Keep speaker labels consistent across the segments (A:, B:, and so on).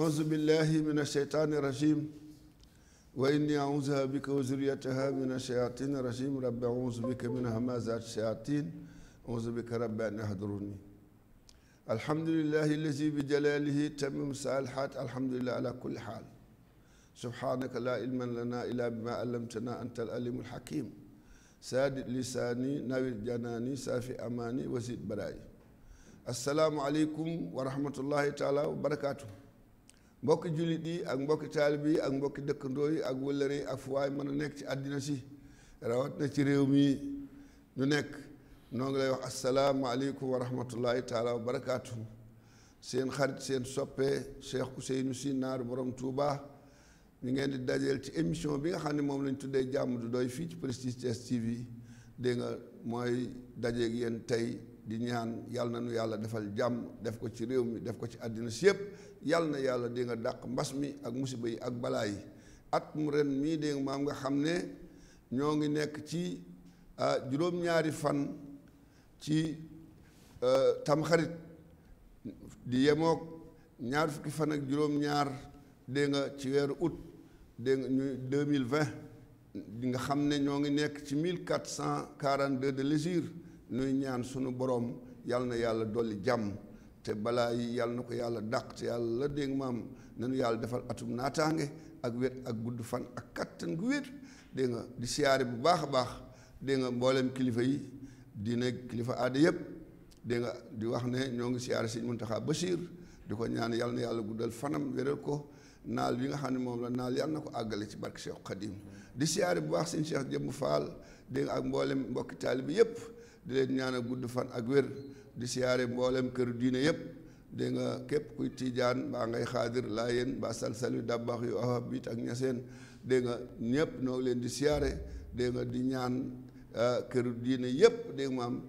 A: أعوذ بالله من الشيطان الرجيم وإني أعوذ بك وزريتها من الشياطين الرجيم رب أعوذ بك من همازات الشياطين أعوذ بك رب أن يحضروني الحمد لله الذي بجلاله تم مسالحات الحمد لله على كل حال سبحانك لا علم لنا إلا بما علمتنا أنت العليم الحكيم ساد لساني نوير جناني سافي أماني وزيد برائي السلام عليكم ورحمة الله تعالى وبركاته mbokki jullit yi ak mbokki taalib yi ak mbokki dëkkandoo yi ak wëllëre yi ak fu waay mën a nekk ci àddina si rawat na ci réew mi ñu nekk noo ngi lay wax asalaamaaleykum wa rahmatullahi taala wa barakaatu seen xarit seen soppe Cheikh Ousseynou Sy naar borom Touba ñu ngeen di dajeel ci émission bi nga xam ne moom lañ tuddee jàmm du doy fii ci Prestige TV dégg nga mooy dajeeg yéen tey di ñaan yàlla na nu yàlla defal jàmm def ko ci réew mi def ko ci àddina si yëpp yal na di nga dak mbas ak musibe yi ak balaa at mu ren mi de nga maam nga xamne ne ñoo ngi nekk ci juroom ñaari fan ci xarit di yemok ñaar fukki fan ak juroom ñaar de nga ci wéru août de nga 2020 di nga xamne ci 1442 de lésir nuy ñaan sunu borom yal na doli jam te bala yi yàlla na ko yàlla dàq te yàlla dégg maam nanu yàlla defal atum naataange ak wet ak gudd fan ak kattan gu wet dégg nga di siyaare bu baax a baax dégg nga mboolem kilifa yi diine kilifa aada yëpp dégg nga di wax ne ñoo ngi siyaare sëñ Muntaxa basir di ko ñaan yàlla na yàlla guddal fanam wéral ko naal bi nga xam ne moom la naal yàlla na ko àggale ci barke Cheikh Khadim di siyaare bu baax sëñ Cheikh Jëmb Fall dégg nga ak mboolem mbokki taalibi yëpp di leen ñaan a gudd fan ak wér di siyaare mboolem kër diine yépp dégg nga képp kuy tidian ba ngay xaadir ba sal salsalu dabbax yu ahab ak ñasen dégg nga ñëpp no leen di siyaare dégg nga di ñaan ah, kër diine yépp dégg nga am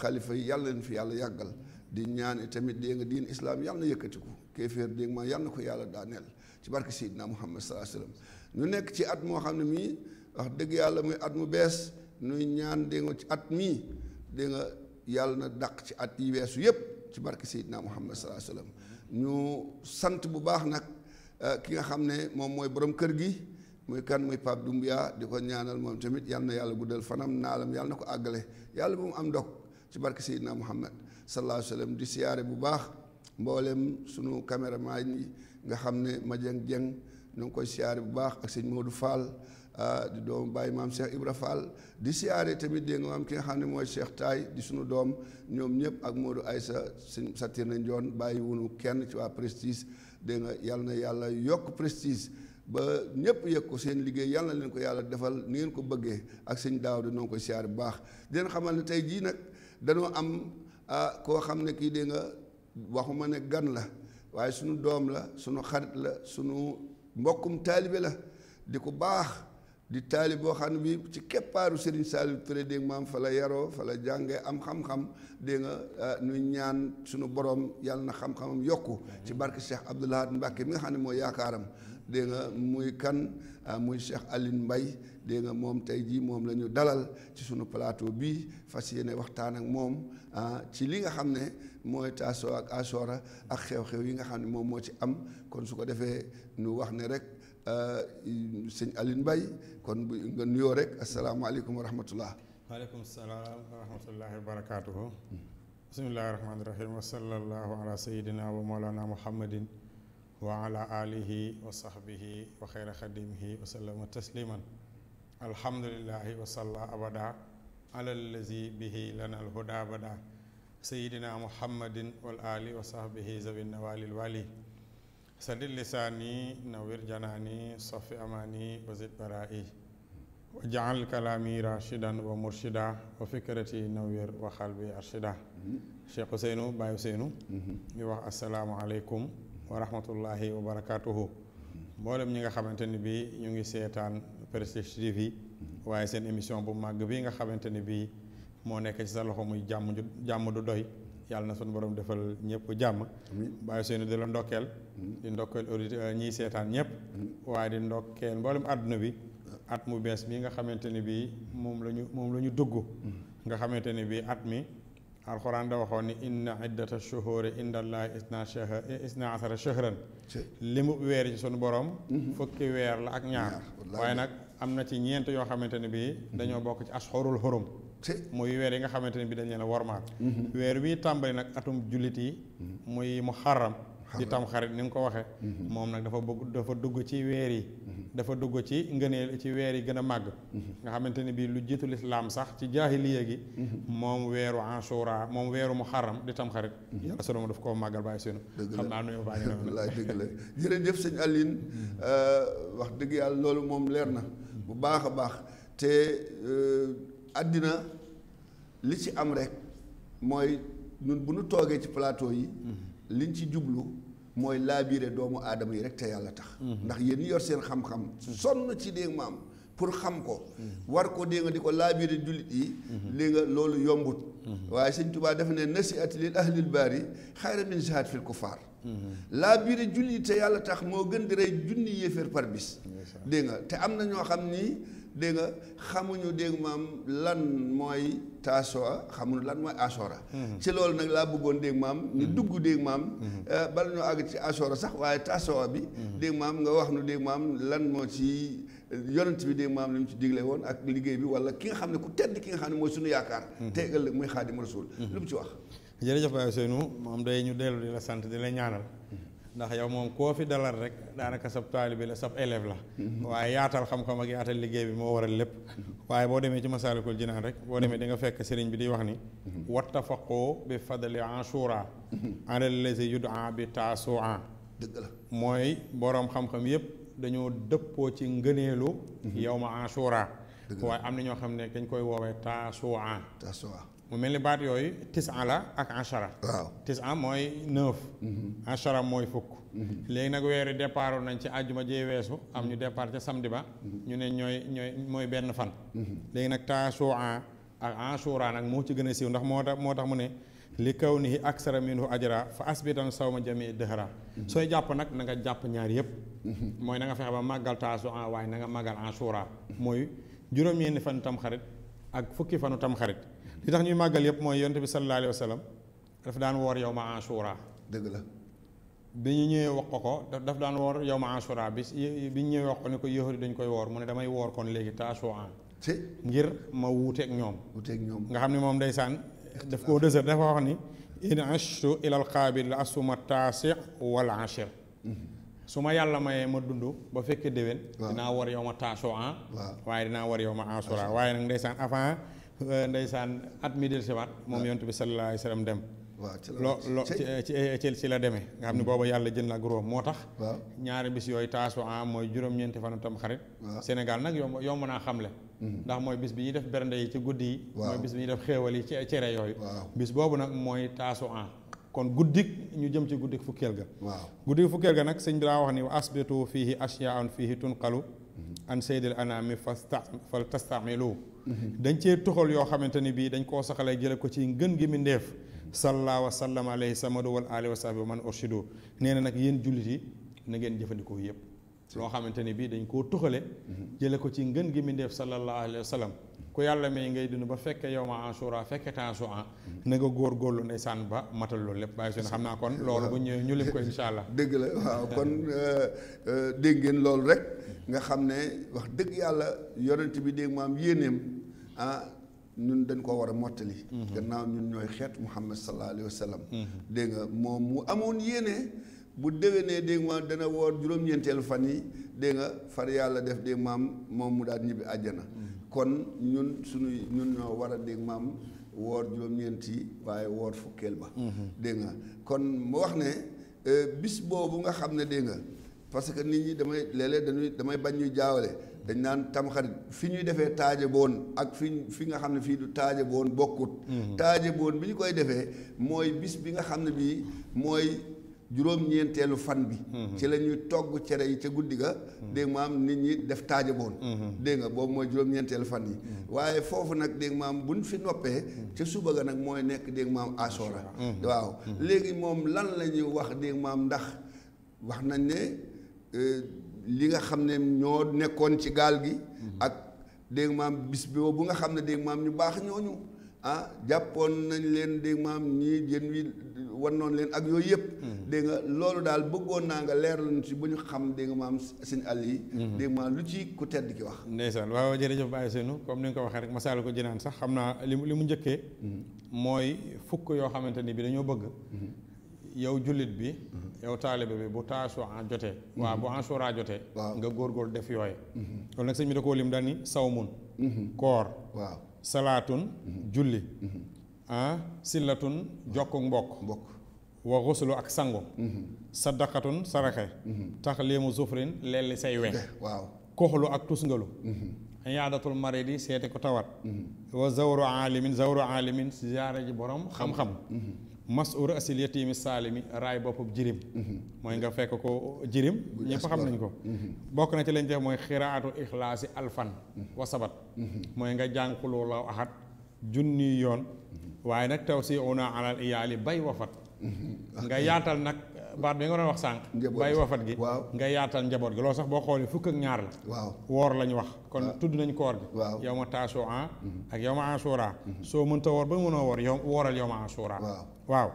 A: khalifa ah, yalla fi yalla yagal di ñaan tamit dégg nga diin islaam yàlla na ko kéeféer dégg nga yalla ko yalla daanel ci barke Seydina Muhammad salaa wasallam ñu nekk ci at mo xamni mi wax dëgg yalla muy at mu bees nuy ñaan dégg nga ci at mi dégg nga yàlla na dàq ci at yi weesu yëpp ci barke Seydina Muhammad salaa sallam ñu sant bu baax nag euh, ki nga xam ne moom mooy borom kër gi muy kan muy Pape Doumbia di ko ñaanal moom tamit yal na yàlla guddal fanam naalam yàlla na ko àggale yàlla moom am dog ci barke Seydina Muhammad salaa sallam di siyaare bu baax mbooleem sunu caméraman yi nga xam ne Madieng Dieng ñu ngi koy siyaare bu baax ak sëñ du Fall. Ah, di doomu bàyyi maam Cheikh Ibra Fall di siyaare tamit dégg nga maam ki nga xam ne mooy Cheikh Taay di suñu doom ñoom ñëpp ak Modou sa sëñ Satirna Ndione bàyyi wunu kenn ci waa Prestige dégg nga yal na yàlla yokk Prestige ba ñëpp yëg ko seen liggéey yàlla na leen ko yàlla defal ni ngeen ko bëggee ak sëñ daaw di noo koy siyaare bu baax di xamal ne tey jii nag danoo am ah, koo xam ne kii dégg nga waxuma ne gan la waaye suñu doom la suñu xarit la suñu mbokkum taalibe la di baax di taali boo xam ne bi ci keppaaru Serigne Saliou Touré dégg maam fa la yaroo fa la jànge am xam-xam dégg nga ah, ñaan sunu borom yàlla na xam-xamam ci barke Cheikh Abdou Lahad Mbacké xam ne mooy yaakaaram dégg muy kan ah, muy Cheikh Aline Mbaye dégg nga moom tey jii moom la ñu dalal ci suñu plateau bii fas yéene waxtaan ak moom ah, ci li nga xam ne mooy taasoo ak asora ak xew-xew yi nga xam ne moom moo ci am kon su ko defee nu wax ne rek Euh, sëñ Aline Mbaye kon bu nga nuyoo
B: rek asalaamaaleykum wa rahmatullah waaleykum salaam wa rahmatullahi wa barakaatuhu bismillahi rahmaani rahim wa sallallahu ala sayidina wa mawlana wa ala alihi wa tasliman alhamdulilahi wa abada ala allazi bihi lana alhuda abada سدل لساني نوير جناني صفي أماني وزد برائي وجعل كلامي راشدا ومرشدا وفكرتي نوير وقلبي أرشدا شيخ حسينو باي حسينو يوح السلام عليكم ورحمة الله وبركاته مولم نيغا خامتاني بي نيغي سيتان بريستيج تي في واي سين ايميسيون بو ماغ بي màgg bii nga xamante ni bii moo nekk ci sa loxo muy jàmm jàmm du doy yàlla na suñu borom defal ñëpp jàmm bàyyi seeni di la ndokkeel di ndokkeel auditeur seetaan ñëpp waaye di ndokkeel mboolem àdduna bi at mu bees bi nga xamante ne bii moom lañu moom la ñu dugg mm. nga xamante ne bii at mi alxuraan da waxoon ni inna iddata shuhuri inda allahi isna shahr isna asara shahran limu mu weer ci suñu borom mm-hmm. fukki weer la ak ñaar waaye nag am na ci ñeent yoo xamante ne bii mm-hmm. dañoo bokk ci asxurul xurum muy weer yi nga xamante bi dañ leena a wormaal mm-hmm. weer wi tambali nak atum jullit yi mm-hmm. muharram di tam xarit ni nga ko waxee mom mm-hmm. nak dafa bëgg dafa dugg ci weer yi dafa dugg ci ngeenel ci weer yi gëna mag nga xamante bi lu jiitu lislaam sax ci jahiliya gi mom weeru Ashura mom weeru muharram di tam xarit yàlla sonoma daf ko magal bay seenu xamna naa nuyoo ñu la dëgg la
A: jërëjëf sëñ Aline euh, wax dëgg yalla lolu mom leer bu bu baax té euh àddina li ci am rek mooy ñun bu nu toogee ci palaato yi mhm. liñ ci jublu mooy laabiire doomu aadama yi rek te yàlla tax mhm. ndax yéen yor seen xam-xam sonn ci dégg maam pour xam ko mhm. war ko dégg nga di ko laabiire jullit yi li loolu yombut waaye sëñ Tuubaa dafa ne nasihat lil ahlil baari xayra min jihaad fil kufaar laabiire jullit yi te yàlla tax moo gën di rey junni yéeféer par bis dégg nga te am na ñoo xam ni dégg nga xamuñu dégg maam lan mooy taasoo xamuñu lan mooy asora hmm. ci loolu nag laa bëggoon dégg maam ñu hmm. dugg dégg maam hmm. eh, bala ñoo àgg ci asora sax waaye taasoo bi dégg maam nga wax nu dégg maam lan moo ci yonent bi dégg maam lu mu ci digle woon ak liggéey bi wala ki nga xam ne ku tedd ki nga xam ne mooy suñu yaakaar te ëllëg muy xaadimu rasul lu mu ci wax
B: jërëjëf Baye Seynou moom day ñu dellu di la sant di la ñaanal ndax yow moom koo fi dalal rek daanaka sab taalibe la sab élève la mm-hmm. waaye yaatal xam-xam ak yaatal liggéey bi moo waral lépp mm-hmm. waaye boo demee ci masaalikul jinaan rek boo demee mm-hmm. di nga fekk sëriñ bi di wax ni wattafaqoo bi fadli ashura ala lazi yud'a bi taasua dëgg mooy boroom xam-xam yépp dañoo dëppoo ci ngëneelu yow ma ashura waaye am na ñoo xam ne dañ koy woowee taasua taasua mu mel ni baat yooyu en la ak achara tis en mooy neuf achara mhm. mooy fukk mhm. léegi nag weer yi nañ ci àjjuma jee weesu am ñu mhm. départ ca samedi ba ñu ne ñooy ñooy mooy benn fan léegi nag taasu'a ak ashura nag moo ci gën a siiw ndax moo tax moo tax mu ne li kaw ak aksara minhu ajra fa asbitan ma jami dëhra sooy jàpp nag na nga jàpp ñaar yëpp mooy na nga fexe ba màggal en waaye na nga màggal ashura mooy juróom-ñeenti fan tam xarit ak fukki fanu tam li tax ñuy màggal yëpp mooy yonent bi sallallahu alayhi wa sallam daf daan woor yow ma Ashura dëgg la bi ñu ñëwee wax ko ko daf daan woor yow ma Ashura bi bi ñu ñëwee wax ko ne ko yahudi dañ koy woor mu ne damay woor kon léegi taasuwaan ngir ma wuuteeg ñoom wuuteeg ñoom nga xam ne moom ndeysaan daf koo dësër dafa wax ni in ashtu ilal qaabil la asuma taasi wal ashir su ma yàlla mayee ma dund ba fekkee déwén dinaa war yow ma taasuwaan waaye dinaa war yow ma Ashura waaye nag ndeysaan avant Euh, ndeysaan at mi del si waat moom ah. yontu bi sallallahu alayhi wasallam dem loo loo eh, ci ci la demee nga xam ne hmm. booba yàlla jën la gróom moo tax ñaari bis yooyu taasu am mooy juróom-ñeenti fanu tam xarit Sénégal nag yomb yomb naa xamle hmm. ndax mooy bis bi ñuy def bernde yi ci guddi yi mooy bis bi ñuy def xéewal yi ci cere yooyu bis boobu nag mooy taasu am kon guddik ñu jëm ci guddik fukkeel ga guddik fukkeel ga nag sëñ bi daa wax ni wa asbitu fiihi ashyaan fiihi tunqalu hmm. an saydil anami fasta fal tastamilu dañ cee toxal yoo xamante ni bii dañ koo soxalee jële ko ci ngën gi mi ndeef sallallaahu wa sallam alayhi samadu wal aalihi wa sahbi man urshidu nee na nag yéen jullit yi na ngeen jëfandikoo yëpp loo xamante ni bii dañ koo toxale mhm. jële ko ci ngën gi mi ndeef sallallaahu alayhi wa ku yàlla may ngay dund ba fekkee yow ma Ashura fekke Tasu'a na nga góorgóorlu ndeysaan ba matal loolu lépp bàyyi seen xam naa kon loolu bu ñëwee ñu lim ko insha allah dëgg
A: la waaw kon euh, euh, dégg loolu rek nga xam ne wax dëgg yàlla yonent bi dégg maam yéeneem ah, ñun dañ koo war a mottali mhm. gannaaw ñun ñooy xeet Muhammad sallallahu alayhi wa sallam mhm. dégg nga moom mu amoon yéene bu déwénee dégg maam dana woor juróom-ñeenteelu fan yi dégg nga far yàlla def dégg maam moom mu daal ñibbi àjjana mhm. kon ñun suñuy ñun ñoo war a dégg maam woor juróom-ñeenti waaye woor fukkeel ba mhm. dégg nga kon mu wax ne euh, bis boobu nga xam ne dégg nga parce que nit ñi damay léeg-léeg dañuy damay bañ ñuy jaawale dañ naan tamxarit fi ñuy defee taaje boon ak fi fi nga xam ne fii du taaje boon bokkut mhm. taaje boon bi ñu koy defee mooy bis bi nga xam ne bii mooy juróom-ñeenteelu fan bi. Mhm. ci lañuy togg cere yi ca guddi ga. Mhm. dégg nga maam nit ñi def taajaboon. Mhm. dégg nga boobu mooy juróom-ñeenteelu fan yi. waaye foofu nag dégg nga maam buñ fi noppee. ca suba ga nag mooy nekk dégg nga maam asora. waaw léegi moom lan la ñuy wax dégg maam ndax wax nañ ne euh, li nga xam ne ñoo nekkoon ci gaal gi. ak dégg nga maam bis bi bu nga xam ne dégg maam ñu baax ñooñu. ah jàppoon nañ leen dégg maam ñii jën wi wan noonu leen ak yooyu yëpp hmm. dégg nga loolu daal bëggoon naa nga leer lañu ci bu ñu xam dégg nga maam seen àll yi hmm. dégg nga maam lu ci ku tedd ki wax
B: ndeysaan waaw jërëjëf Baye Seynou comme ni nga ko waxee rek masaal ko jinaan sax xam naa li li mu njëkkee hmm. mooy fukk yoo xamante ni bi dañoo bëgg yow jullit bi yow taalibe bi bu taasu en jotee waaw bu ansura jotee nga góorgóor def yooye loolu nag sëñ bi da koo lim daal ni sawmun koor waaw salaatun julli ah sillatun jokku mbokk mbokk wa xuslu ak sangu mhm. sadaqatun saraxe mhm. tax liimu zufrin lelli say wex waaw koxlu ak tusngalu mhm. iyaadatul maridi seeti ko tawat wa zawru aalimin zawru aalimin ziyaara ji borom xam-xam masur asil yatiimi saalimi raay boppam jirim mooy nga fekk ko jirim ñëpp xam nañ ko bokk na ci lañ def mooy xiraatu ixlaasi alfan wa sabat mooy nga jàng xululaaw ahad junni yoon waaye nag tew si una alal iyaali bay wafat nga yaatal nag baat bi nga doon wax sànq bay wafat gi nga yaatal njaboot gi loo sax boo xoolee fukk ak ñaar la waaw woor lañu wax kon tudd nañ koor gi yow ma taasu an mm-hmm. ak yow ma ansura mm-hmm. soo mënta woor ba mënoo woor yow wooral yow ma ansura waaw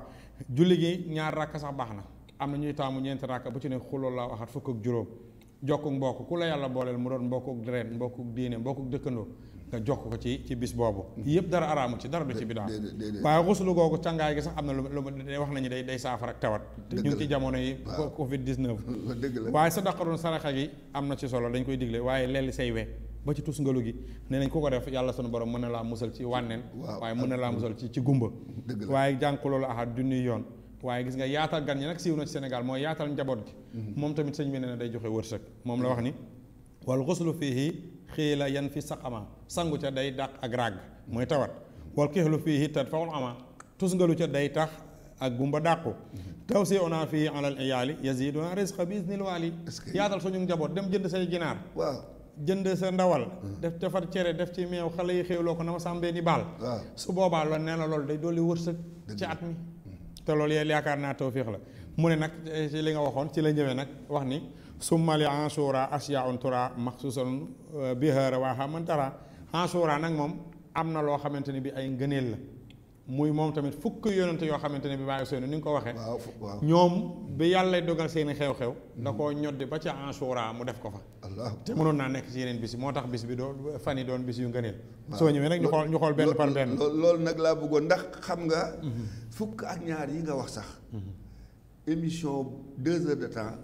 B: julli gi ñaar rakk sax baax na am na ñuy taamu ñeenti rakk bu ci ne xuloo la waxat fukk ak juróom jokku mbokk ku la yàlla booleel mu doon mbokku deret mbokku diine mbokku dëkkandoo nga jox ko ci ci bis boobu mm-hmm. yëpp dara araamu ci dara du ci bidaa waaye xuslu googu càngaay gi sax am na lu lu wax nañu day day saafara ak tawat ñu ngi jamono yi covid waaye sa daqaroon saraxa gi am na ci solo dañ koy digle waaye leel say we ba ci tus ngalu gi nee nañ ku ko def yàlla sunu borom mën na laa musal ci wànneen waaye mën na laa mm-hmm. musal ci ci gumba waaye jànq loolu ahad junniy yoon waaye gis nga yaatal gan ñi nag siiw na ci Sénégal mooy yaatal njaboot mm-hmm. moom tamit sëñ bi nee na day joxe wërsëg moom la wax ni wal xuslu fiihi xiila yan fi saqama sangu ca day dàq ak ràgg mooy tawat wal kixlu fii hittat fawul ama tusngalu ca day tax ak gumba dàqu taw si ona fii alal iyaali yaziduna risqa bi isnil waali yaatal suñu njaboot dem jënd say ginaar waaw jënd sa ndawal hmm. def ca cere def ci meew xale yi xéewloo ko na ma sàmbee ni baal su boobaa loolu nee na loolu day dolli wërsëg ci at mi hmm. te lool yee yaakaar naa tawfiix la mu ne nag eh, ci li nga waxoon ci la ñëwee nag wax ni summali ansura asyaun tura maxsuusan eh, biha rawaaha man tara Ashura nag moom am na loo xamante ni bi ay ngëneel la muy moom tamit fukk yonante yoo xamante ne bi bàyyi seen ni nga ko waxee ñoom bi yàlla dogal seeni xew-xew ndax koo ñoddi ba ca Ashura mu def ko fa te mënoon naa nekk ci yeneen bis moo tax bis bi doo fan yi doon bis yu ngëneel soo ñëwee nag ñu xool ñu xool benn par benn
A: loolu nag laa bëggoon ndax xam nga mhm. fukk ak ñaar yi nga wax sax mhm. émission deux heures de temps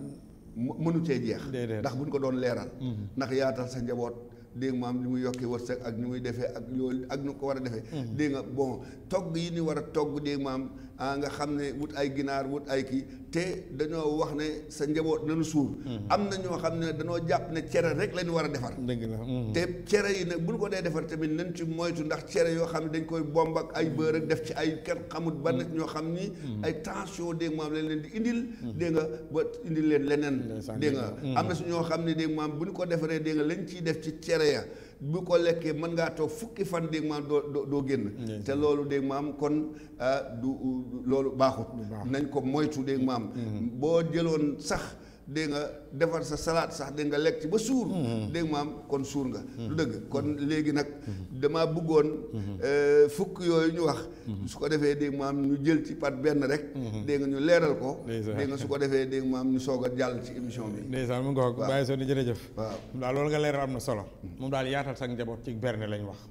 A: mënu cee jeex ndax buñ ko doon leeral mhm. ndax yaatal sa njaboot dégg nga maam li muy yokkee wërsëg ak ni muy defee ak loolu ak nu ko war a defee mm-hmm. dégg nga bon togg yi ni war a togg dégg maam ah nga xam ne wut ay ginaar wut ay kii te dañoo wax ne sa njaboot nañu suur. Mm-hmm. am na ñoo xam ne dañoo jàpp ne cere rek lañu war a defar.
B: dëgg la mm-hmm. te
A: cere yi nag bu ñu ko dee defar tamit nañ ci moytu ndax cere yoo xam ne dañ koy bomb ay beurre def ci ay kenn xamut ban mm-hmm. ñoo xam ni. ay tension dégg maam lañ leen di indil. dégg nga ba indil leen leneen. dégg nga am na su ñoo xam ne dégg maam bu ñu ko defaree dégg nga lañ ciy def ci cere ya. bu ko lekkee mën ngaa toog fukki fan dégg maam doo doo génn te loolu dégg maam kon ah, du loolu baaxut nañ ko moytu dégg maam mm-hmm. boo jëloon sax dégg nga defar sa salaat sax dégg nga lekk ci ba suur mm-hmm. dégg maam kon suur nga mm-hmm. du dëgg kon mm-hmm. léegi nag damaa bëggoon euh, fukk yooyu ñu wax su ko defee dégg maam ñu jël ci pat benn rek dégg nga ñu leeral ko dégg nga su ko defee dégg maam ñu soog a jàll ci émission bi
B: ndeysaan mu ngi ko bàyyi soo ni jërëjëf waaw daal loolu nga leeral am na solo moom daal yaatal sax njaboot ci berne lañ wax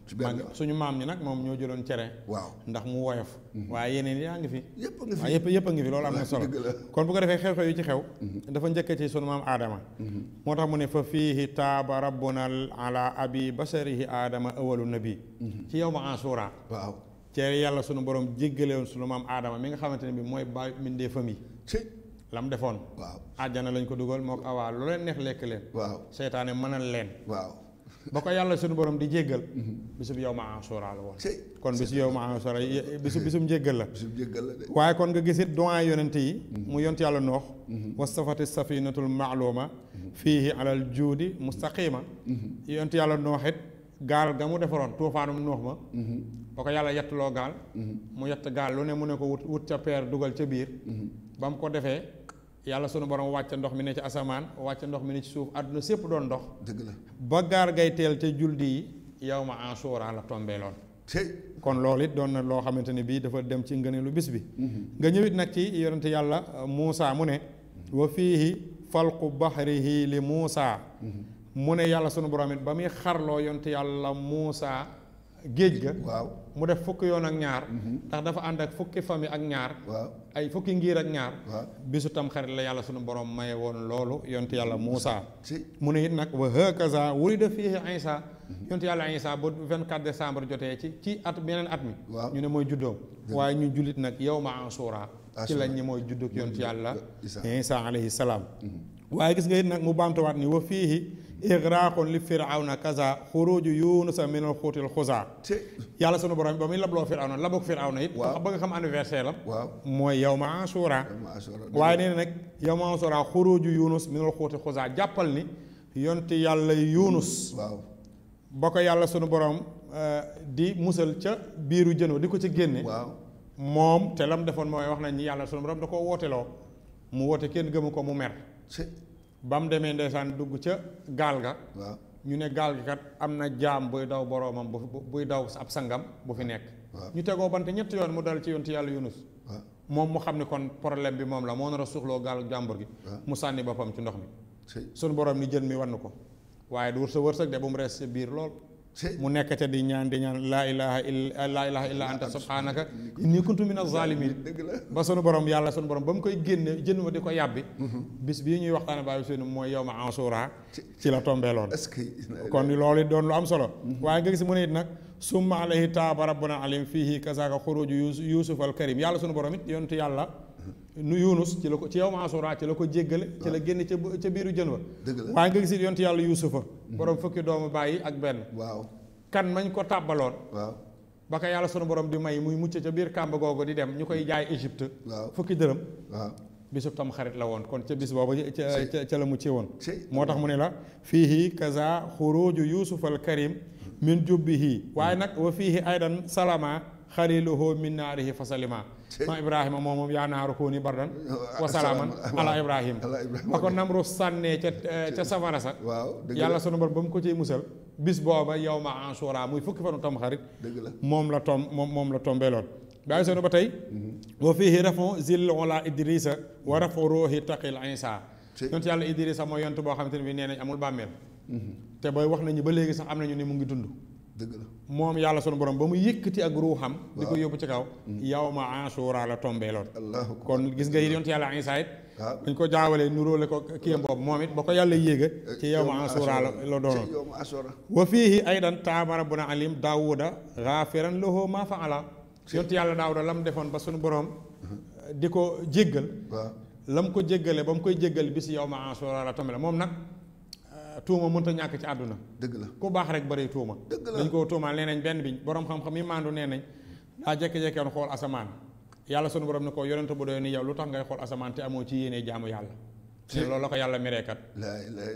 B: suñu maam ñi nag moom ñoo jëloon cere waaw ndax mu woyof Mhm. waaye yeneen yaa ngi fi yëpp a ngi fi yëpp yëpp a ngi fi loolu am na solo kon bu ko defee xew-xew yi ci xew mhm. dafa njëkk ci sunu maam aadama mhm. moo tax mu ne fa fiihi taaba rabbuna ala abi basarihi aadama na bi ci yow ma ansura waaw ci yàlla sunu borom jéggale sunu maam aadama mi nga xamante ne bi mooy baay mindee famille lam defoon waaw àjjana lañ ko dugal mook awaa lu leen neex lekk leen waaw seytaane mënal leen waaw ba ko yàlla suñu borom di jéggal mhm. bisub yow ma ansura la woon kon bisu yow ma ansura bisu bisum njéggal la waaye kon nga gisit doyen yonent yi mhm. mu yont yàlla noox mhm. wastafati safinatul maaluma fiihi alal juudi mustaqima yont yàlla nooxit gaal ga mu defaroon tuufaanum noox ma ba ko yàlla yettloo gaal mu yett gaal lu ne mu ne ko wut wut ca peer dugal ca biir ba mu ko defee Yalla sunu borom wacc ndox mi ne ci asaman wacc ndox mi ne ci suuf aduna sepp doon ndox deug la ba gar gay tel te juldi yawma yow ma Ashura la tombee kon lolit doon na lo xamanteni bi dafa dem ci ngeenelu bis bi mhm. nga ñewit nak ci yoonte yalla uh, musa mu ne mhm. wa fihi falqu bahrihi li musa mhm. mu ne yalla sunu borom it ba xarlo yoonte yalla musa Muusa ga waaw mu def fukki yoon ak ñaar mhm. ndax dafa ànd ak fukki famille ak ñaar ay fukki ngiir ak ñaar bisu tam xarit la yàlla sunu borom maye woon loolu yont yàlla Muusa mhm. mu ne it nag wa hakaza wulida fiihi Iisa mhm. yontu yàlla Iisa ba 24 décembre jotee ci ci at beneen at mi ñu ne mooy juddoom waaye ñu jullit nag yawma Ashura ci lañ ñi mooy juddug yontu yàlla Iisa alayhi salaam waaye gis nga it nag mu baamtawaat ni wa fiihi igraqun li na kaza xuruju yunusa min al xuutil xusa yàlla sunu borom ba muy labloo firawna labok firawna it ba nga xam anniversaire la waaw mooy yow ma asura waaye nee na nag yow ma asura xuruju yunus min al xuutil xusa jàppal ni yonti yàlla yunus waaw ba ko yàlla sunu borom eh, di musal ca biiru jën wa di ko ci génne waaw moom te lam defoon mooy wax nañ ni yàlla sunu borom da koo wooteloo mu woote kenn gëmu ko mu mer bam demé demee dugg ci gaal ga ñu né gaal gi kat amna jam buy daw boromam buy daw ab sangam bu fi nek ñu tegoo bant ñett yoon mu dal ci yoon ci yunus mom mu xamni kon problème bi mom la mo na a suuxloo gaal jàmbur gi mu sanni bopam ci ndox mi sun borom ni jën mi wann ko waye du wërsëg wërsëg de bu mu rees ci bir lool mu nekk ca di ñaan di ñaan laa ilaha illa laa ilaha illa anta subhanaka inni kuntu min ba sunu borom yàlla sunu borom ba mu koy génne jën wa di ko yàbbi mm-hmm. bis bii ñuy waxtaane bàyyi seen mooy yow ma ansura ci la tombeeloon kon loolu doon lu am solo mm-hmm. waaye nga gis mu a it nag summa alayhi taaba rabbuna alim fihi kasaka xuruju yusuf al yàlla sunu borom it yontu yàlla mm-hmm. nu yunus ci la ko ci yow ma ansura ci la ko jéggale ci la génne ca biiru jën wa waaye nga gis it yontu yàlla borom fukki doomu bàyyi ak benn. waaw kan mañ ko tàbbaloon. ba ko yàlla sunu borom di may muy mucc ca biir kàmba googu di dem ñu koy jaay Égypte. fukki dërëm. waaw bisub tam xarit la woon kon ca bis boobu ca ca la mucce woon. moo tax mu ne la fiihi kaza xuruju yusuf al karim min jubbihi waaye nag fii fiihi aydan salama xaliluhu min naarihi fasalima ma ibrahima moom moom yaa naaru kooni bardan wasalaaman ala ibrahima ba ko nam ru sànnee ca ca safara sa yàlla sunu borom ba mu ko ciy musal bis booba yow ma ansura muy fukki fanu tom xarit moom la tom moom moom la tombeeloon bàyyi sunu ba tey mm-hmm. wa fiihi rafon zil ola idrisa wa rafo ruuhi taqil insa yontu yàlla idrisa mooy yont boo xamante ne bi nee nañ amul bàmmeel mm-hmm. te booy wax nañu ba léegi sax am nañu ni mu ngi dund dëgg la moom yàlla sunu borom ba mu yëkkati ak ruuxam. di ko yóbbu ci kaw. Mm-hmm. yow ma Ashura la tombé lool. kon gis nga yonent yàlla Isaa it. waaw ah. dañu ko jaawalee nuróole ko kiyam boobu moom it ba ko yàlla yéega ci yow ma Ashura la la doonoon. wa fiihi aydan taamara buna alim Daawuda gaafiran lahu maa faala. yonent la mu defoon ba sunu borom. Mm-hmm. di ko jéggal. la mu ko jéggalee ba mu koy jéggal bis yow ma Ashura la tombé la moom nag. tuuma mënta ñàkk ci àdduna dëgg la ku baax rek bëri tuuma dëgg dañ koo tuumaal nee nañ benn bi borom xam-xam yi maandu nee nañ daa jékki-jékkoon xool asamaan yàlla sunu borom ne ko yonent bu doy ni yow lu tax ngay xool asamaan te amoo ci yéene jaamu yàlla
A: loolu la ko yàlla
B: mereekat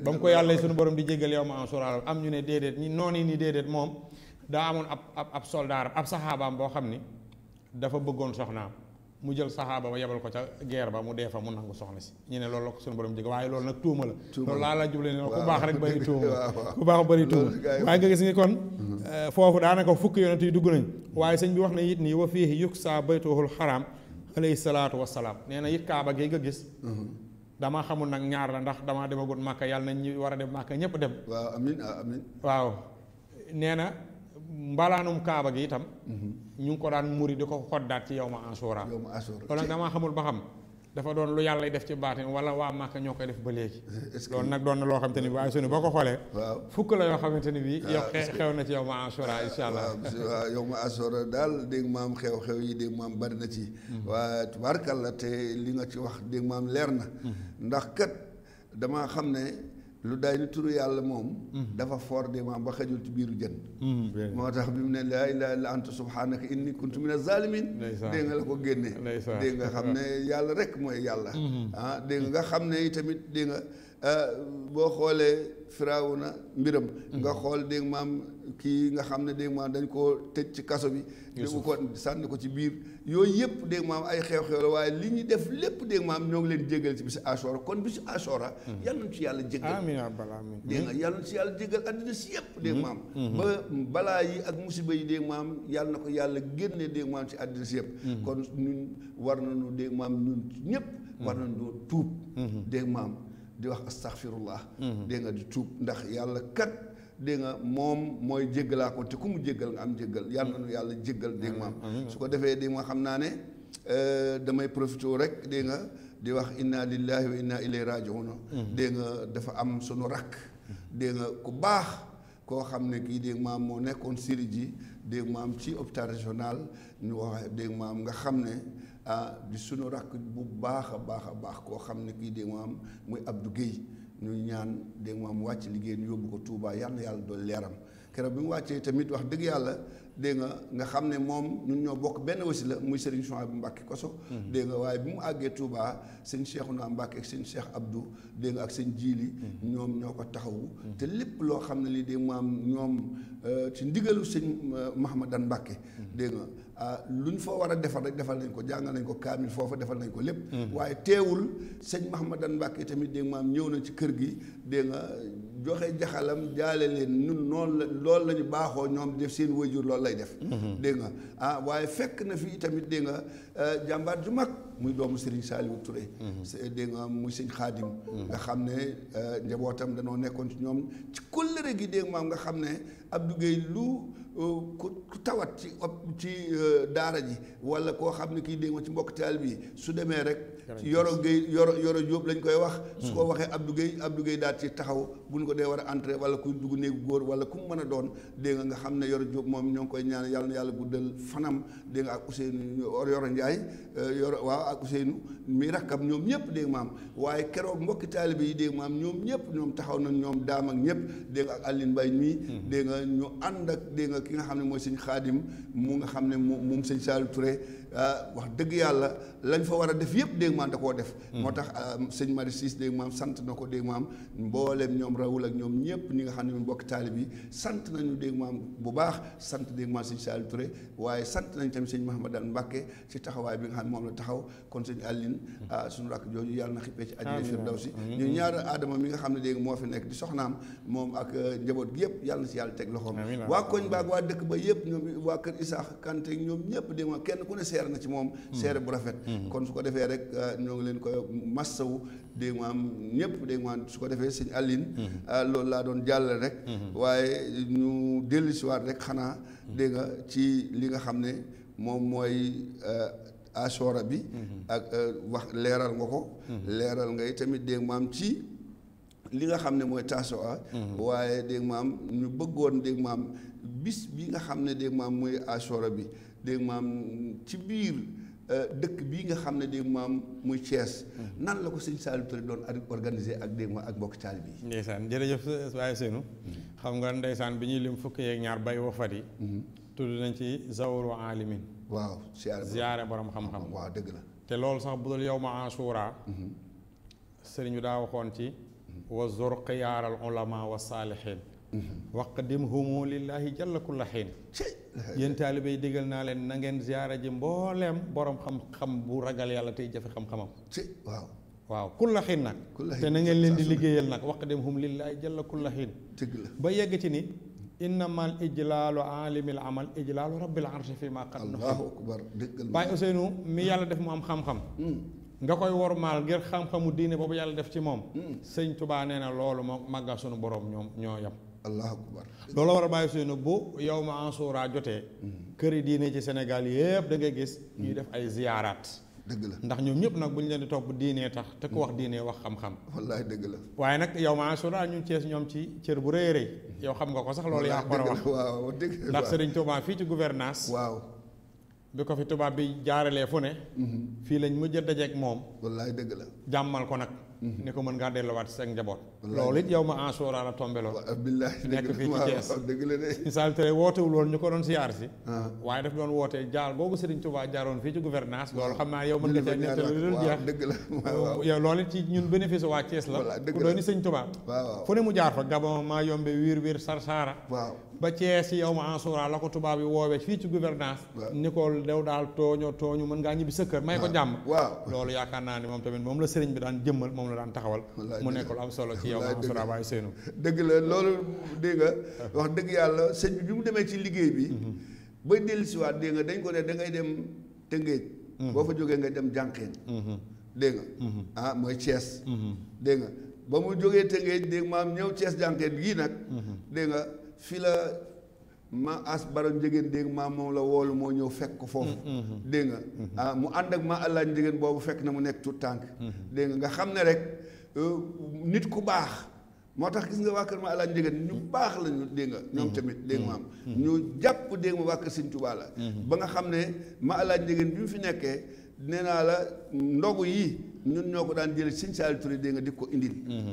B: ba mu ko yàlla sunu borom di jégal yow ma am suraal am ñu ne déedéet ñi noonu nii déedéet moom daa amoon ab ab ab soldaar ab saxaabaam boo xam ni dafa bëggoon soxnaam mu jël saxaaba ba yebal ko ca guerre ba mu dee fa mu nangu soxna si ñu ne lool la ko suñu borom jëkk waaye loolu nag tuuma la loolu laa la jublee ne ku baax rek bëri tuuma ku baax bëri tuuma waaye nga gis ngi kon mm-hmm. euh, foofu daanaka fukki yonent dugg nañ waaye sëñ bi wax na it nii wa fiihi yuksaa baytuhul xaraam alayhi salaatu wasalaam nee na it kaaba gi nga gis mm-hmm. dama xamul nag ñaar la ndax damaa demagut màkka yàlla nañ ñu war a dem màkka ñëpp dem waaw ah, na mbalaanum kaaba gi itam mhm. ñu ngi ko daan muri di ko xoddaat ci yow ma ansura loolu nag damaa xamul ba xam dafa doon lu yàlla def ci baatin wala waa Màkka ñoo koy def ba léegi loolu nag doon na loo xamante ni bi waaye sunu boo ko xoolee fukk la yoo xamante ni bi ah, yow xew na ci yow ma ansura
A: insha allah waaw yow ma ansura daal dégg maam xew-xew yi dégg maam bari na ci mhm. waa la te li nga ci wax dégg maam leer na mhm. ndax kat damaa xam ne lu day ni turu yàlla moom dafa foor de maam ba xajul ci biiru jën moo tax bi mu ne laa ilaaha illa anta subhaanaka inni kuntu mina zalimin dégg nga la ko génne dégg nga xam ne yàlla rek mooy yàlla ah dégg nga xam ne itamit dégg nga boo xoolee firawna mbiram nga xool dégg maam kii nga xam ne dégg maam dañ koo tëj ci kaso bi dégg ko sànni ko ci biir yooyu yëpp dégg maam ay xew-xew la waaye li ñu def lépp dégg maam ñoo ngi leen jégal ci bisu asora kon bisu asora hmm. yàlla na ci yàlla jégal amiin
B: rabbal amiin dégg nga yàlla
A: na àddina si yëpp dégg maam hmm. Hmm. ba balaa yi ak musiba yi dégg maam yàlla na ko yàlla génne dégg maam si àddina si yëpp kon ñun war nañu dégg maam ñun ñëpp war nañu tuub dégg maam di wax astaghfirullah dégg nga di tuub ndax yàlla kat dégg nga moom mooy jéggalaa ko te ku mu jéggal nga am jéggal yàlla nu yàlla jéggal dégg nga su ko defee di xam naa ne euh, damay profité rek dégg nga di wax inna lillahi wa inna ilayhi rajiuna mhm. dégg nga dafa am sunu rakk dégg ku baax koo xam ne kii dégg maam moo nekkoon Syrie ji dégg maam ci hôpital régional ñu wax dégg maam nga xam ne ah di suñu rakk bu baax a baax a baax koo xam ne kii dégg maam muy Abdou Guèye ñu ñaan dégg nga mu wàcc liggéey ñu yóbbu ko Touba yal yàlla doo leeram keroog bi mu wàccee tamit wax dëgg yàlla dégg nga nga xam ne moom ñun ñoo bokk benn wasila la muy Serigne Souhaïbou Mbacké Kosso. Hmm. dégg nga waaye bi mu àggee Touba sëñ Cheikhouna Mbacké ak sëñ Cheikh Abdou dégg nga ak sëñ Jili. Hmm. ñoom ñoo ko taxawu. Hmm. te lépp loo xam ne lii dégg nga maam ñoom euh, ci ndigalu sëñ euh, Mahamadan Mbacké dégg Euh, lu ñu fa war a defal rek defal nañ ko jàngal nañ ko kaamil foofa defal nañ ko lépp. waaye teewul sëñ Mahamadan Mbàkke tamit dégg maam ñëw na ci kër gi dégg nga joxe jaxalam jaale leen ñun noonu la loolu la ñu baaxoo ñoom def seen wayjur loolu lay def. Mm-hmm. dégg nga ah waaye fekk na fi tamit dégg nga euh, jàmbaar ju mag muy doomu Serigne Saliou Touré. Mm-hmm. dégg nga muy sëñ mm-hmm. nga xam ne euh, njabootam danoo nekkoon ci ñoom ci kóllëre gi dégg maam nga xam ne Abdou Gueye lu. Euh, ku tawat ci ci euh, daara ji wala koo xam ne kii dégg ma ci mbokk taal bi su demee rek yoro Guèye yoro yoro Diop lañ koy wax hmm. su ko waxee Abdou Guèye Abdou Guèye daal ci taxaw bu ñu ko dee war a entrer wala kuy dugg néegu góor wala ku mu mën a doon dégg nga nga xam ne yoro Diop moom ñoo ngi koy ñaan yàlla na yàlla guddal fanam dégg nga ak Ousseynou yoro Ndiaye euh, yoro waaw ak Ousseynou mi rakkam ñoom ñëpp dégg maam waaye keroog mbokki taalibe yi dégg maam ñoom ñëpp ñoom taxaw na ñoom daam ak ñëpp dégg nga ak Aline Mbaye mii hmm. dégg ñu ànd ak dégg ki nga xam ne mooy sëñ xaadim mu nga xam ne moom sëñ Saliou Touré Euh, wax dëgg yàlla lañ fa war a def yëpp dégg maam da koo def hmm. moo tax euh, sëñ Mari Siis dégg maam sant na ko dégg maam mbooleem ñoom rawul ak ñoom ñëpp ñi nga xam ne ñun bokk taalib yi sant nañu dégg maam bu baax sant dégg maam sëñ Saliou Touré waaye sant nañ tamit sëñ Mahamadan Mbàkke ci taxawaay bi nga xam ne moom la taxaw kon sëñ Aline hmm. ah, suñu rakk jooju yàlla na xippee ci àjjana firdawsi ñu ñaar aadama mi nga xam ne dégg moo fi nekk di soxnaam moom ak euh, njaboot si yàlla teg loxoom waa koñ seer na ci moom seere bu rafet kon su ko defee rek euh, ñoo ngi leen koy massawu dégg nga am ñëpp dégg nga su ko defee sëñ Aline mm-hmm. euh, loolu laa doon jàllale rek mm-hmm. waaye ñu dellu si waat rek xanaa mm-hmm. dégg nga ci li nga xam ne moom mooy euh, asora bi ak wax nga ko leeral ngay tamit dégg maam ci li nga xam ne mooy taasoo a waaye dégg maam ñu bëggoon dégg maam bis bi nga xam ne dégg maam mooy asora bi dégg maam ci biir euh, dëkk bii nga xam ne dégg maam muy Thiès. Mm. nan la ko sëñ Saliou Touré doon organisé ak dégg ma ak mbokk taal bi.
B: ndeysaan jërëjëf waaye seenu mm. xam nga ndeysaan bi ñuy lim fukki yeeg ñaar bay wafat yi. Mm-hmm. tudd nañ ci zawru alimin waaw ziyaare borom xam-xam waaw dëgg la. te loolu sax budul yow ma Ashura. Mm-hmm. sëriñ bi daa waxoon ci. Mm-hmm. wa zur xiyaaral ulama wa saalihin wax waqadim humu lillahi jalla kulla xiin yéen taalibe yi digal naa leen na ngeen ziyaara ji mbooleem borom xam-xam bu ragal yàlla tey jafe xam-xamam waaw waaw kulla xiin nag te na ngeen leen di liggéeyal nag wax waqadim hum lillahi jalla kulla xiin ba yegg ci ni innamal ijlaalu aalimil amal ijlaalu rabbil arshi fi ma qad allahu akbar Baay Ousseynou mi yàlla def mu am xam-xam mm. nga koy wormaal ngir xam-xamu diine boobu yàlla def ci moom mm. sëñ Tubaa nee na loolu moo borom ñoom ñoo
A: allahu akbar
B: loolu war a bàyyi sooy na bu yow ma ansora jotee kër yi diine ci senegal yëpp da ngay gis ñuy def ay ziyaaraat dëgg la ndax ñoom ñëpp nag bu ñu leen di topp diinee tax te ku wax diinee wax xam-xam wallaay dëgg la waaye nag yow ma ansora ñun Cees ñoom ci cër bu rëy rëy yow xam nga ko sax loolu yaa ko a wax waaw dëgg ndax Sëriñ Tuubaa fii ci gouvernance waaw bi ko fi tubaab bi jaaralee fu ne mhm. fii lañ mujj a dajeek moom wallaay dëgg la jàmmal ko nag Mhm. ni ko mën ngaa delloowaat sa njaboot. lool it yow ma en sóoraa la tombé lool. billaahi nekk fii ci Thiès dëgg la de. misaal tere wootewul woon ñu ko doon siyaar si. Ah. waaye daf doon wootee jaar googu Serigne Touba jaaroon fii ci gouvernance loolu xam naa yow mën nga cee nettali lu dul jeex dëgg la lool loolu it ñun bénéfice waa Thiès la ku doon ni Serigne Touba fu ne mu jaar fa Gabon maa yombe wiir wiir Sarsara waaw ba Cees yow ma ansura la ko tubaab yi woowee fii ci gouvernance ni ko dew daal tooño tooñu mën ngaa ñibbi sa kër may ko jàmm waaw loolu yaakaar naa ni moom tamit moom la sëriñ bi daan jëmmal moom la daan taxawal mu nekk lu am solo ci yow ma ansura waaye seenu dëgg la
A: loolu dégg wax dëgg yàlla sëñ bi bi mu demee ci liggéey bi mhm. bay dellusiwaat dégg nga ko ne da ngay dem Tëngéej mhm. boo fa jógee nga dem jànqeen mhm. dégg nga ah mooy Cees dégg nga ba mu jógee Tëngéej dégg maam ñëw Cees jànqeen gii nag dégg nga fii la ma as baram njëgeen dégg maa moom la woolu moo ñëw fekk ko foofu mm-hmm. Mm-hmm. dégg nga mm-hmm. ah mu ànd ak maa àllaa njëgeen boobu fekk na mu nekk tout tànk dégg nga nga xam ne rek euh, nit ku baax moo tax gis nga waa kër ma àllaa njëgeen ñu baax la dénga ñoom tamit dégg nga maam ñu jàpp dégg ma waa kër Sëñ la ba nga xam ne ma àllaa njëgeen bi mu fi nekkee nee naa la ndogu yi ñun ñoo ko daan jële Sëñ Saaliw Ture dégg nga di ko indi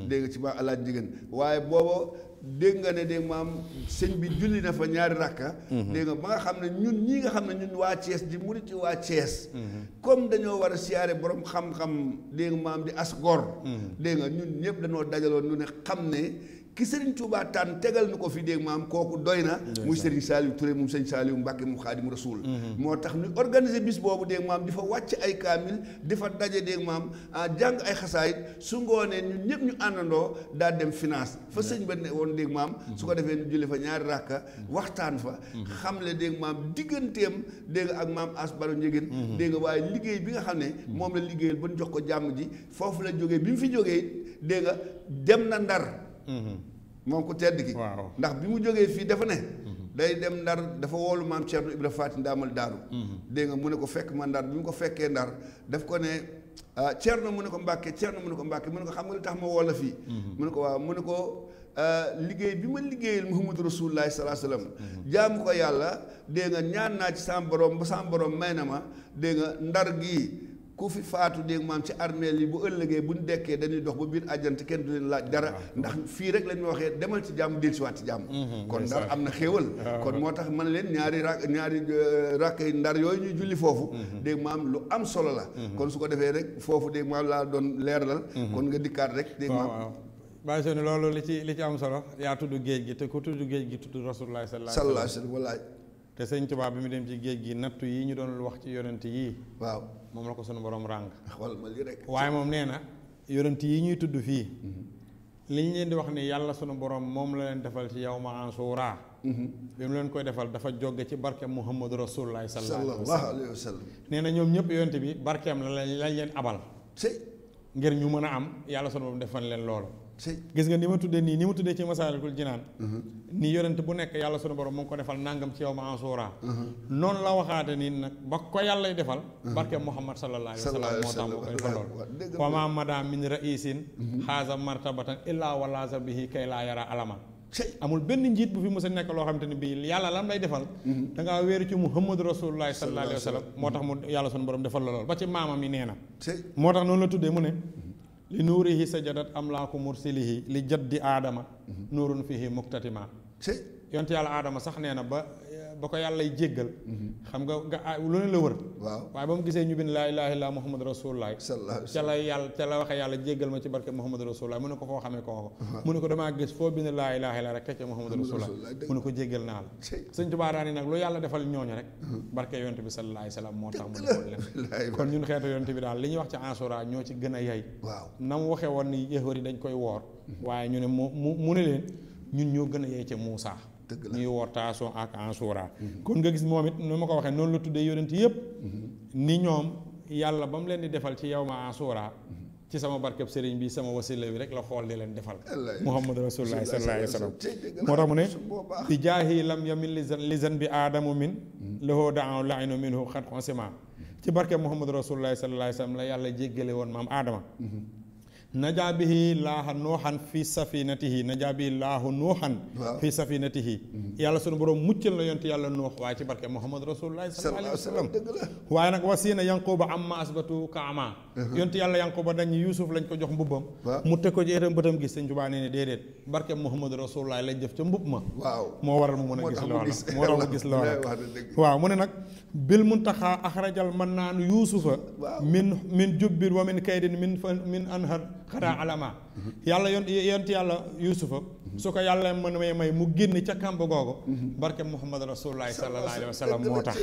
A: dégg nga ci maa àllaa njëgeen waaye booba dégg nga ne dégg maam sëñ bi julli na fa ñaari rakka mhm. dégg nga ba nga xam ne ñun ñii nga xam ne ñun waa Thiès di murit ci waa Thiès mhm. comme dañoo war a siyaare boroom xam-xam dégg maam di as gor mhm. dégg nga ñun ñëpp dañoo dajaloon ñu ne xam ne ki Serigne Touba tànn tegal nu ko fi dégg maam kooku doy na muy Serigne Saliou Touré moom Serigne Saliou Mbacke mu Xaadim Rasoul mm-hmm. moo tax ñu organiser bis boobu dégg maam di fa wàcc ay kaamil di fa daje dégg maam ah, jàng ay xasaayit su ngoonee ñun ñëpp ñu àndandoo daa dem finance fa sëñ ba ne woon dégg maam su ko mm-hmm. defee ñu julli fa ñaari ràkka mm-hmm. waxtaan fa xamle dégg maam digganteem dégg ak maam as baro njëgéen dégg nga waaye liggéey bi nga xam ne moom la liggéeyal ba n jox ko jàmm ji foofu la jógee bi mu fi jógee it nga dem na ndar Mm-hmm. moom ko tedd gi ndax bi mu joge fi dafa ne mm-hmm. day dem ndar dafa wolu maam cheikh Ibra fatin damal daru mm-hmm. de nga mu ne ko fek man ndar bi mu ko fekke ndar daf ko ne ah, Thierno mu ne ko Mbàkke Thierno mu ne ko Mbàkke mu ne ko xam nga li tax ma woo mu ne ko wa mu ne ko ah, liggey bi ma muhammad rasulullah sallallahu alaihi wasallam jam ko yalla de nga ñaan na ci sam borom ba sam borom may de nga ndar gi ku fi faatu dégg maam ci armeel yi bu ëllëgee bu ñu dekkee dañuy dox ba biir àjjant kenn du leen laaj dara ndax fii rek la ñu waxee demal ci jàmm del siwaat ci jàmm mm-hmm. kon ndar am na xéewal kon moo tax man leen ñaari ra ñaari euh, rakk yi ndar yooyu ñuy julli foofu mm-hmm. dégg maam lu am solo la mm-hmm. kon su ko defee rek foofu dégg maam laa doon leer leerlal kon nga dikkaat rek dégg maam
B: bàyyi seen loolu li ci li ci am solo yaa tudd géej gi te ku tudd géej gi tudd rasulullah sallallahu alayhi wa te sëñ Tuubaa bi mu dem ci géej gi nattu yi ñu doon wax ci yonent yii. waaw moom la ko sunu boroom ràng. xool ma waaye moom nee na yonent yi ñuy tudd fii. Mm-hmm. li ñu leen di wax ni yàlla sunu borom moom la leen defal ci yow ma ansura mm-hmm. bi mu leen koy defal dafa jóge ci barkeem Muhammadu Rasulullaahi sallallaahu alayhi wa sallam nee na ñoom ñëpp yonent bi barkeem la lañ leen abal. ngir ñu mën a am yàlla sunu borom defal leen loolu. gis nga ni ma tuddee nii ni ma tuddee ci masaalikul jinaan mhm. ni yonent bu nekk yàlla sunu borom mu ko defal nangam ci yow mhm. noonu la waxaate nii nag ba ko yàllay defal mhm. barke muhammad sallallahu alayhi wa sallam moo tax mu koy fandool wa ma mada min raisin xaasa martabatan illaa walaasa bihi kay laa yara alama amul benn njiit bu fi nekk loo xamante ni bii yàlla lan lay defal da ngaa wéeru ci muhammadu rasulullahi moo tax mu yàlla sunu borom defal la lool ba ci maamam yi nee na moo tax noonu la tuddee mu ne li sa am nuurihi ko amlaaku mursilihi li di aadama nuurun fihi muktatima yonte yàlla aadama sax nee na ba ba ko yàllay jéggal mhm. xam nga nga ah, lu ne la wër waaw waaye ba mu gisee ñu bind laa ilaaha illa muhammad rasulullah ca la yàlla ca la waxee yàlla jéggal ma ci barke muhammad rasulullah mu ne ko foo xamee ko ko mu ne ko damaa gis foo bind laa ilaaha illa rek teg ca muhammad rasulullah mu ne ko jéggal naa la sëñ Tuubaa daani nag lu yàlla defal ñooñu rek mhm. barke yonent bi sallallahu alayhi wa sallam moo tax mu defoon leen kon ñun xeetu yonent bi daal li ñuy wax ci ansura ñoo ci gën a yay waaw na mu waxee woon ni yéefar dañ koy woor mhm. waaye ñu ne mu mu ne leen ñun ñoo gën a yey ca Muusaa ñuy woor taason ak ansuura mhm. kon nga gis moom it nu ma ko waxee noonu la tuddee yonent yëpp mhm. ni ñoom yàlla ba mu leen di defal ci yow ma ansuura mhm. ci sama barkeb sëriñ bi sama wasila bi rek la xool di leen defal muhammadu rasulullah sallallahu alayhi wa sallam moo tax mu ne di jaahi lam yamin lisan bi aadamu min lahoo daaw laino minhu xat xonsiment ci barkeb muhammadu rasulullah sallallahu alayhi wa sallam la yàlla jéggale woon maam aadama najaa bihi laaha nooxan fi safinatihi najaa bihi laahu nooxan fi safinatihi yàlla sunu borom muccal na yonti yàlla noox waaye ci barke muhammad rasulullahi sallallahu alayhi wa
A: sallam
B: waaye nag wasiina yanquba amma asbatu ka ama yonti yàlla yanquba dañu yuusuf lañ ko jox mbubbam mu teg ko ci itam bëtam gis sëñ Tuubaa nee ne déedéet barke muhammad rasulullahi lañ jëf ca mbub ma waaw moo waral mu mën a gis loola moo waral mu gis loola waaw mu ne nag bil muntaxaa axrajal mannaan yuusufa min min jubbin wa min kaydin min anhar xaraa alama yàlla yon yonti yàlla yuusufa su ko yàlla mën may may mu génn ca kàmb googu barke muhammad rasulullahi sallallahu alayhi wa sallam moo tax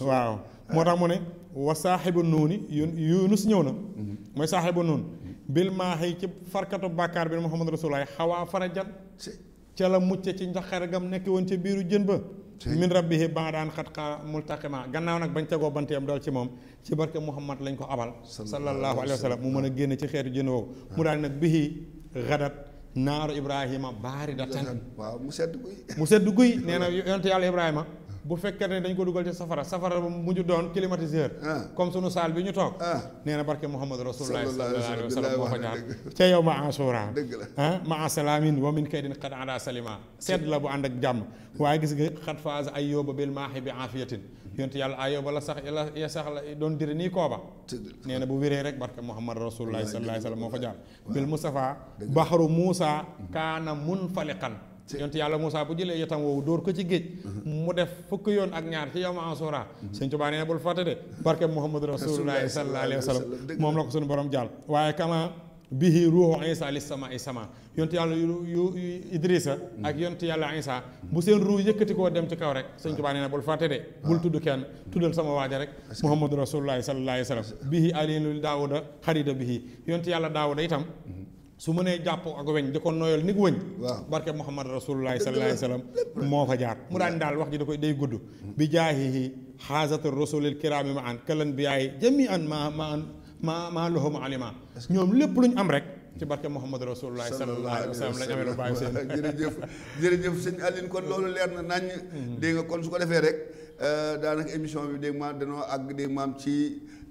B: waaw moo tax mu ne wa saaxibu nuuni yunus ñëw na mooy saaxibu nuun bil maaxi ci farkatu bàkkaar bi muhammad rasulullahi xawaa farajan ca la mucc ci njaxare gam nekk woon ca biiru jën ba min rabbihi baadaan xatqa multaqima gannaaw nag bañ tegoo bant yam dal ci moom ci barke muhammad lañ ko abal sallallahu alayhi wa sallam mu mën a génn ci xeetu jën woowu ah. mu daal nag bihi gadat naaru ibrahima baari datan waaw mu sedd guy mu sedd guy nee na yonte yàlla ibrahima bu fekkee ne dañ ko dugal ci safara safara mu mujj doon climatiseur ah. comme sunu saal bi ñu toog ah. nee na barke Muhammad rasulullah sallallahu alayhi wa sallam moo ko ñaan ca yow ma ansura ah ma asalaamin wa min kaydin qad ada salima sedd la bu ànd ak gis nga xat faas ay yóbba bil maaxi bi afiyatin yonent yàlla ay yóbba la sax la sax la doon dire nii kooba nee na bu wéree rek barke Muhammad rasulullah sallallahu alayhi wa sallam moo fa jaar bil Mustafa bahru Muusa kaana munfaliqan yonent yàlla Moussa bu jëlee yatam woowu dóor ko ci géej mhm. mu def fukk yoon ak ñaar ci yow ma ansura mhm. sëñ Tuubaa nee na bul fàtte de barke Muhammadu Rasulullaahi sallallaahu alayhi wa sallam moom la ko suñu borom jàll waaye kama bihi ruuhu Isa li sama sama yonent yàlla yu Idrissa mhm. ak yonent yàlla Isa bu seen ruu yëkkati koo dem ci kaw rek sëñ Tuubaa nee na bul ah. bul tudd kenn tuddal sama waaja rek Muhammadu Rasulullaahi sallallaahu alayhi wa sallam bihi aliinu Daawuda xarida bihi yonent yàlla Daawuda itam su mënee jàpp ak weñ di ko nooyal ni ko wëñ barke muhammad rasulullah sallallahu alayhi wasallam moo fa jaar mu daan daal wax ji da koy day gudd bi jaahihi xaasata rasulil kiraami ma an këlan bi yaay jami an ma ma an ma ma loxo ma alima ñoom lépp lu ñu am rek ci barke muhammad rasulullah sallallahu alayhi wasallam lañ amee lu bàyyi seen
A: jërëjëf jërëjëf sëñ Aline kon loolu leer na nañ dégg nga kon su ko defee rek euh, daanaka émission bi dégg maam danoo àgg dégg maam ci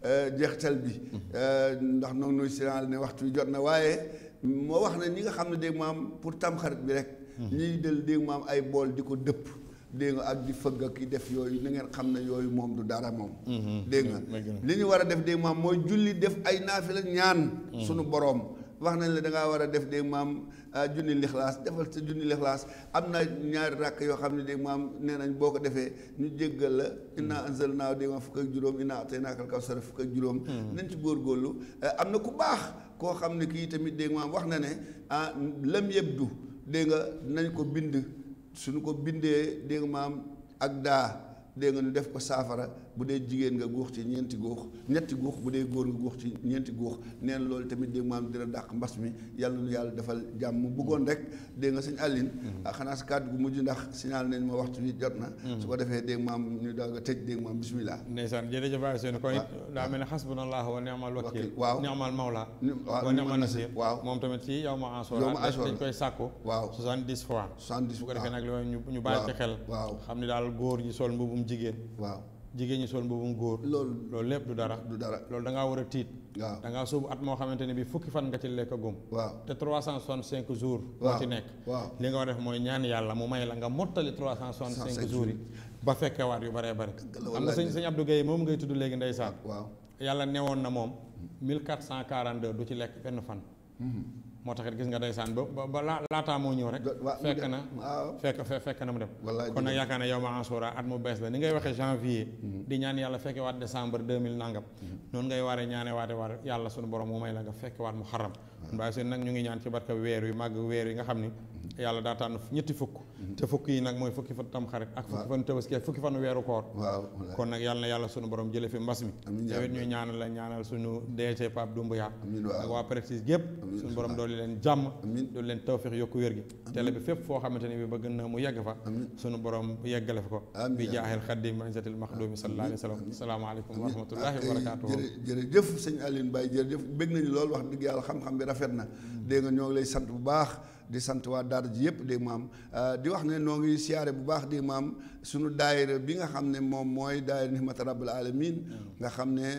A: euh, jeextal bi mm-hmm. euh, ndax noonu nuy sinal ne waxtu jot na waaye moo wax ne ñi nga xam ne dégg maam pour tamxarit bi rek hmm. ñuy del dégg maam ay bool di ko dëpp dégg nga ak di fëgg ak def yooyu na ngeen xam ne yooyu moom du dara moom
B: hmm. dégg nga li
A: ñu war a def dégg maam mooy julli def ay naafila ñaan hmm. sunu boroom wax nañ la da ngaa war a def dégg maam ah, junni lixlaas defal sa junni lixlaas am na ñaari rakk yoo xam ne dégg maam nee nañ boo ko defee ñu jéggal la inna anzalnaa dégg maam fukk ak juróom inna kaw kawsar fukk ak juróom nañ ci góorgóorlu eh, am na ku baax koo xam ne kii tamit dégg nga wax na ne ah lam du dégg nga nañ ko bind suñu ko bindee dégg nga maam ak daa dégg nga ñu def ko saafara bu dee jigéen nga góox ci ñeenti góox ñetti góox bu dee góor nga góox ci ñeenti góox neen loolu tamit dégg maam dina dàq mbas mi yàlla nu yàlla defal jàmm mu bëggoon rek dégg nga sëñ Aline mm-hmm. ah, xanaa si kàddu gu mujj ndax signal nañ ma waxtu bi jot na mm-hmm. su ko defee dégg maam ñu daal nga tëj dégg maam bismillah
B: ndeysaan jërëjëf Baye Seen kon it ah, ah. daa mel ne xasbunallah wa ni'mal wakiil waaw ni'mal mawla wa ni'man nasiir waaw moom tamit ci yow ma ansor dañ koy sàkku waaw soixante-dix fois soixante-dix bu ko defee nag li ñu bàyyi ci xel waaw xam ni daal góor ñi sol mbubum jigéen waaw jigéen ñi sol mbubbum góor loolu loolu lépp du dara du dara loolu da ngaa war a tiit waaw da ngaa suubu at moo xamante ne bi fukki fan nga ci lekk gum waaw te 365 cent soixante jours moo ci nekk waaw li nga war a def mooy ñaan yàlla mu may la nga mottali 365 jours yi ba waat yu bëree bëri am na sëñ sëñ Abdou Guèye moom ngay tudd léegi ndeysaan waaw yàlla newoon na moom 1442 du ci lekk benn fan mhm. moo taxit gis nga day ndeysaan ba ba laataa moo ñëw rek. fekk na fekk fekk na mu dem. kon nag yaakaar ne yow ma ansura at mu bees la ni ngay waxee janvier. Mhm. di ñaan yàlla fekke waat décembre deux mille nangam. Mhm. noonu ngay waree ñaane waate war yàlla sunu borom mu may la nga fekke waat xaram mbaa seen nag ñu ngi ñaan ci barka wër yu mag wër yi nga xamni yalla da tan ñetti fukk mm-hmm. te fukk yi nak moy fukki fa tam xarit ak fukki fa tabaski ak fukki fan wëru koor kon nak yalla na yàlla sunu borom jëlé fi mbas mi tamit ñu ñaanal la ñaanal sunu DG Pape ya ak wa prestige gep suñu borom do li leen jàmm do leen tawfiq yokku wër gi télé bi fep fo xamanteni bi bëgg na mu yegg fa suñu borom yeggale fa ko bi jaaxil khadim manzatil makhdum sallallahu alaihi wasallam assalamu alaikum wa rahmatullahi wa barakatuh
A: jërëjëf sëñ Aline Baye jërëjëf bëgg nañu lool wax dëgg yalla xam-xam bi rafet na dégg nga ñoo ngi lay sant bu baax di sant waa daara ji yëpp dégg maam euh, di wax ne noo ngi siyaare bu baax dégg maam suñu daayira bi nga xam ne moom mooy daayira nihmata rabbal alamin nga xam ne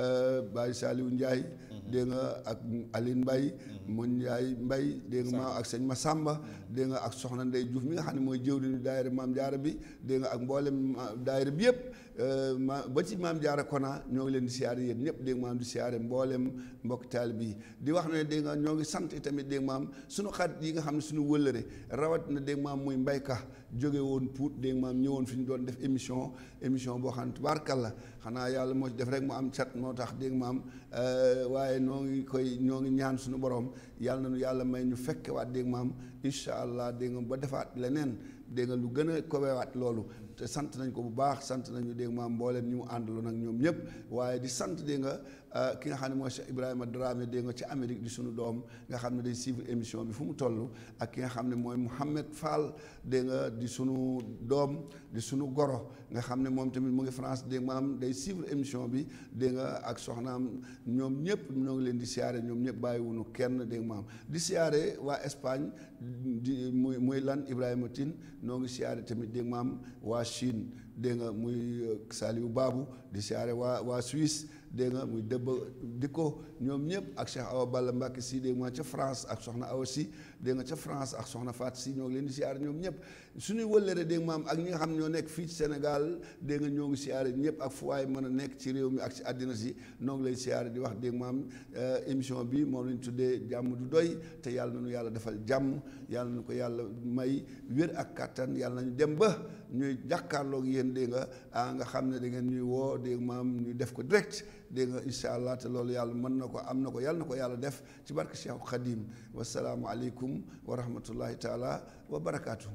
A: euh, Baye Saliou Ndiaye mm-hmm. dégg nga ak Aline mbay mun mm-hmm. Ndiaye Mbaye dégg maam ak sëñ Massamba mm-hmm. dégg nga ak soxna Ndey juuf mi nga xam ne mooy jëwriñu daayira maam jaara bi dégg nga ak mboolem euh, daayira bi yëpp Euh, ma ba ci maam jaara kona ñoo ngi leen di siyaare yéen ñëpp dégg maam di siyaare mboolem mbokk taal bi di wax ne dégg nga ñoo ngi sant tamit dégg maam suñu xarit yi nga xam ne suñu wëllëre rawat na dégg maam muy mbayka jóge woon puut dégg maam ñëwoon fi ñu doon def émission émission boo xam ne tubaarkàlla xanaa yàlla moo ci def rek mu am cat moo tax dégg maam euh, waaye noo ngi koy ñoo ngi ñaan suñu borom yàlla na nu yàlla may ñu fekke waat dégg maam incha allah dégg nga ba defaat leneen dégg lu gën a kowewaat loolu te sant nañ ko bu baax sant nañu dégg nga maam mbooleem ñi mu àndaloon ak ñoom ñëpp waaye di sant dégg nga Euh, ki nga xam ne mooy Cheikh Ibrahima Dramé dégg nga ci Amérique di sunu doom nga xam ne day suivre émission bi fu mu tollu ak ki nga xam ne mooy Mouhamed Fall dégg di suñu doom di sunu goro nga xam ne moom tamit mu ngi France dégg maam day suivre émission bi dégg nga ak soxnaam ñoom ñëpp ñoo ngi leen di siyaare ñoom ñëpp wunu kenn dégg maam di siyaare waa Espagne di muy muy lan Ibrahima Tine noo ngi siyaare tamit dégg maam waa Chine dégg nga muy euh, Saliou baabu di siyaare waa waa Suisse dégg nga muy dëbb di ko ñoom ñëpp ak Cheikh Awa Balla Mbacke si dégg nga ca France ak soxna Awa si dégg nga ca France ak soxna Faat si ñoo ngi leen di siyaare ñoom ñëpp suñuy wëllëre dégg maam ak ñi nga xam ñoo nekk fii ci Sénégal dégg nga ñoo ngi siyaare ñëpp ak fu waay mën a nekk ci réew mi ak si àddina si noo ngi lay siyaare di wax dégg maam euh, émission bi moom lañ tuddee jàmm du doy te yàlla nañu yàlla defal jàmm yàlla nañu ko yàlla may wér ak kàttan yàlla nañu dem ba ñuy jàkkaarloog yéen dégg nga ah nga xam ne da ngeen ñuy woo dégg maam ñu def ko direct dégg nga incha allah te loolu yàlla mën na ko am na ko yàlla na ko yàlla def ci barke Cheikh Khadim wasalaamualeykum wa rahmatullahi taala wa barakaatu.